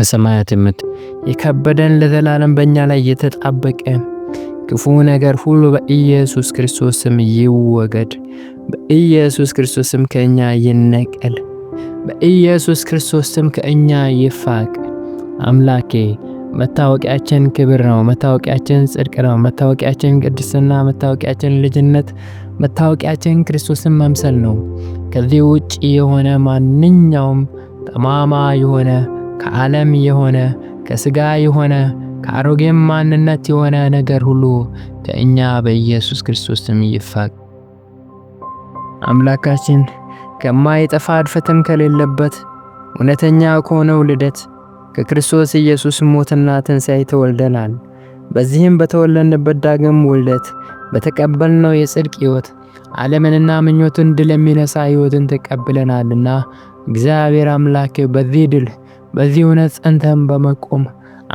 በሰማያት የምት የከበደን ለዘላለም በእኛ ላይ የተጣበቀ ክፉ ነገር ሁሉ በኢየሱስ ክርስቶስ ስም ይወገድ። በኢየሱስ ክርስቶስ ስም ከእኛ ይነቀል። በኢየሱስ ክርስቶስ ስም ከእኛ ይፋቅ። አምላኬ መታወቂያችን ክብር ነው። መታወቂያችን ጽድቅ ነው። መታወቂያችን ቅድስና፣ መታወቂያችን ልጅነት፣ መታወቂያችን ክርስቶስን መምሰል ነው። ከዚህ ውጭ የሆነ ማንኛውም ጠማማ የሆነ ከዓለም የሆነ ከሥጋ የሆነ ከአሮጌም ማንነት የሆነ ነገር ሁሉ ከእኛ በኢየሱስ ክርስቶስም ይፋቅ። አምላካችን ከማይጠፋ እድፈትም ከሌለበት እውነተኛ ከሆነው ልደት ከክርስቶስ ኢየሱስ ሞትና ትንሣኤ ተወልደናል። በዚህም በተወለድንበት ዳግም ውልደት በተቀበልነው የጽድቅ ሕይወት ዓለምንና ምኞትን ድል የሚነሳ ሕይወትን ተቀብለናልና እግዚአብሔር አምላክ በዚህ ድል በዚህ እውነት ጸንተን በመቆም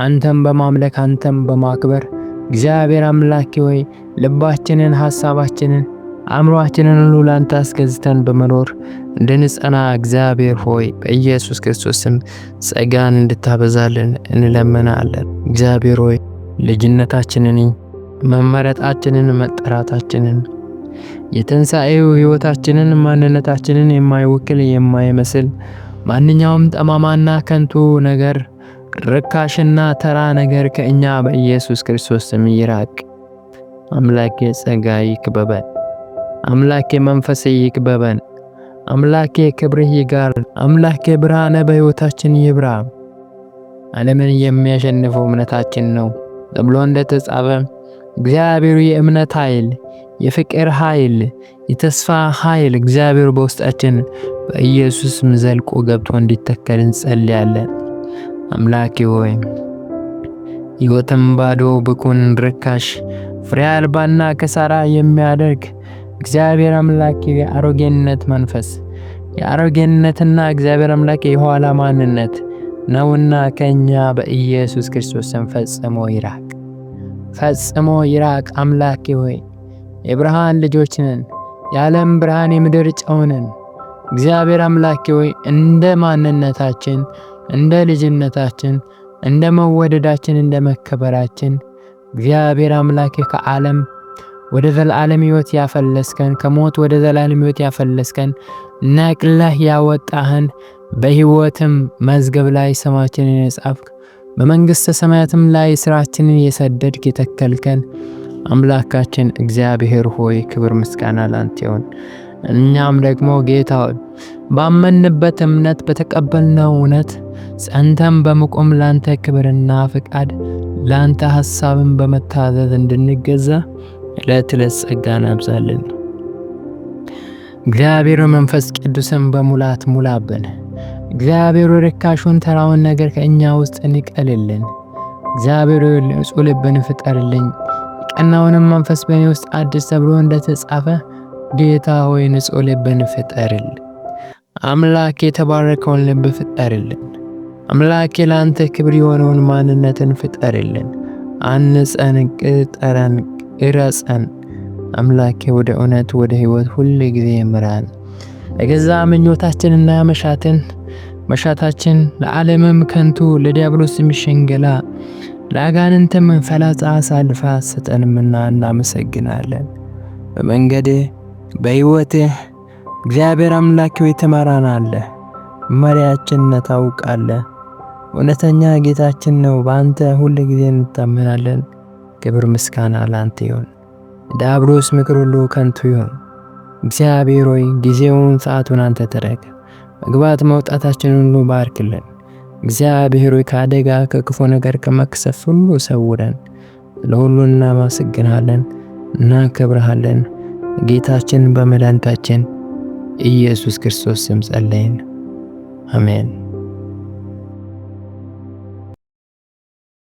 አንተን በማምለክ አንተን በማክበር እግዚአብሔር አምላኪ ሆይ ልባችንን፣ ሐሳባችንን፣ አእምሮአችንን ሁሉ ላንተ አስገዝተን በመኖር እንድንጸና እግዚአብሔር ሆይ በኢየሱስ ክርስቶስ ስም ጸጋን እንድታበዛልን እንለምናለን። እግዚአብሔር ሆይ ልጅነታችንን፣ መመረጣችንን፣ መጠራታችንን የትንሣኤው ሕይወታችንን ማንነታችንን የማይወክል የማይመስል ማንኛውም ጠማማና ከንቱ ነገር፣ ርካሽና ተራ ነገር ከእኛ በኢየሱስ ክርስቶስ ስም ይራቅ። አምላኬ ጸጋ ይክበበን። አምላኬ መንፈስ ይክበበን። አምላኬ ክብርህ ይጋር። አምላኬ ብርሃነ በሕይወታችን ይብራ። ዓለምን የሚያሸንፈው እምነታችን ነው ተብሎ እንደተጻፈ እግዚአብሔር የእምነት ኃይል የፍቅር ኃይል፣ የተስፋ ኃይል እግዚአብሔር በውስጣችን በኢየሱስም ዘልቆ ገብቶ እንዲተከል እንጸልያለን። አምላኬ ሆይ ሕይወትም ባዶ ብኩን ርካሽ ፍሬ አልባና ከሳራ የሚያደርግ እግዚአብሔር አምላኬ የአሮጌነት መንፈስ የአሮጌነትና እግዚአብሔር አምላክ የኋላ ማንነት ነውና ከእኛ በኢየሱስ ክርስቶስን ፈጽሞ ይራቅ፣ ፈጽሞ ይራቅ አምላኬ ሆይ የብርሃን ልጆች ነን፣ የዓለም ብርሃን የምድር ጨው ነን። እግዚአብሔር አምላኬ ሆይ እንደ ማንነታችን፣ እንደ ልጅነታችን፣ እንደ መወደዳችን፣ እንደ መከበራችን እግዚአብሔር አምላኬ ከዓለም ወደ ዘላለም ሕይወት ያፈለስከን ከሞት ወደ ዘላለም ሕይወት ያፈለስከን ነቅለህ ያወጣህን በሕይወትም መዝገብ ላይ ስማችንን የጻፍክ በመንግሥተ ሰማያትም ላይ ሥራችንን የሰደድክ የተከልከን አምላካችን እግዚአብሔር ሆይ ክብር ምስጋና ላንተ ይሁን። እኛም ደግሞ ጌታ ባመንበት እምነት በተቀበልነው እውነት ጸንተን በመቆም ላንተ ክብርና ፍቃድ ላንተ ሀሳብን በመታዘዝ እንድንገዛ ዕለት ዕለት ጸጋን አብዛልን። እግዚአብሔር መንፈስ ቅዱስን በሙላት ሙላብን። እግዚአብሔር ርካሹን ተራውን ነገር ከእኛ ውስጥ እንቀልልን። እግዚአብሔር ንጹሕ ልብን ፍጠርልን። ቀናውንም መንፈስ በእኔ ውስጥ አድስ ተብሎ እንደተጻፈ ጌታ ሆይ ንጹሕ ልብን ፍጠርልን። አምላክ የተባረከውን ልብ ፍጠርልን። አምላኬ ለአንተ ክብር የሆነውን ማንነትን ፍጠርልን። አንጸን፣ ቅጠረን፣ ቅረጸን። አምላኬ ወደ እውነት ወደ ህይወት ሁል ጊዜ ምራን። የገዛ ምኞታችንና መሻትን መሻታችን ለዓለምም ከንቱ ለዲያብሎስ የሚሸንገላ ለአጋንንትም ፈላጻ አሳልፋ ሰጠንምና እናመሰግናለን። በመንገድህ በሕይወትህ እግዚአብሔር አምላክ ሆይ ትመራናለህ፣ መሪያችን ታውቃለህ። እውነተኛ ጌታችን ነው፣ በአንተ ሁል ጊዜ እንታመናለን። ክብር ምስጋና ላንተ ይሁን። ዳብሎስ ምክር ሁሉ ከንቱ ይሁን። እግዚአብሔር ሆይ ጊዜውን ሰዓቱን አንተ ተረከ መግባት መውጣታችን ሁሉ ባርክልን። እግዚአብሔር ሆይ ከአደጋ ከክፉ ነገር ከመክሰፍ ሁሉ ሰውረን። ለሁሉ እና እናከብረሃለን። ጌታችን በመድኃኒታችን ኢየሱስ ክርስቶስ ስም ጸለይን፣ አሜን።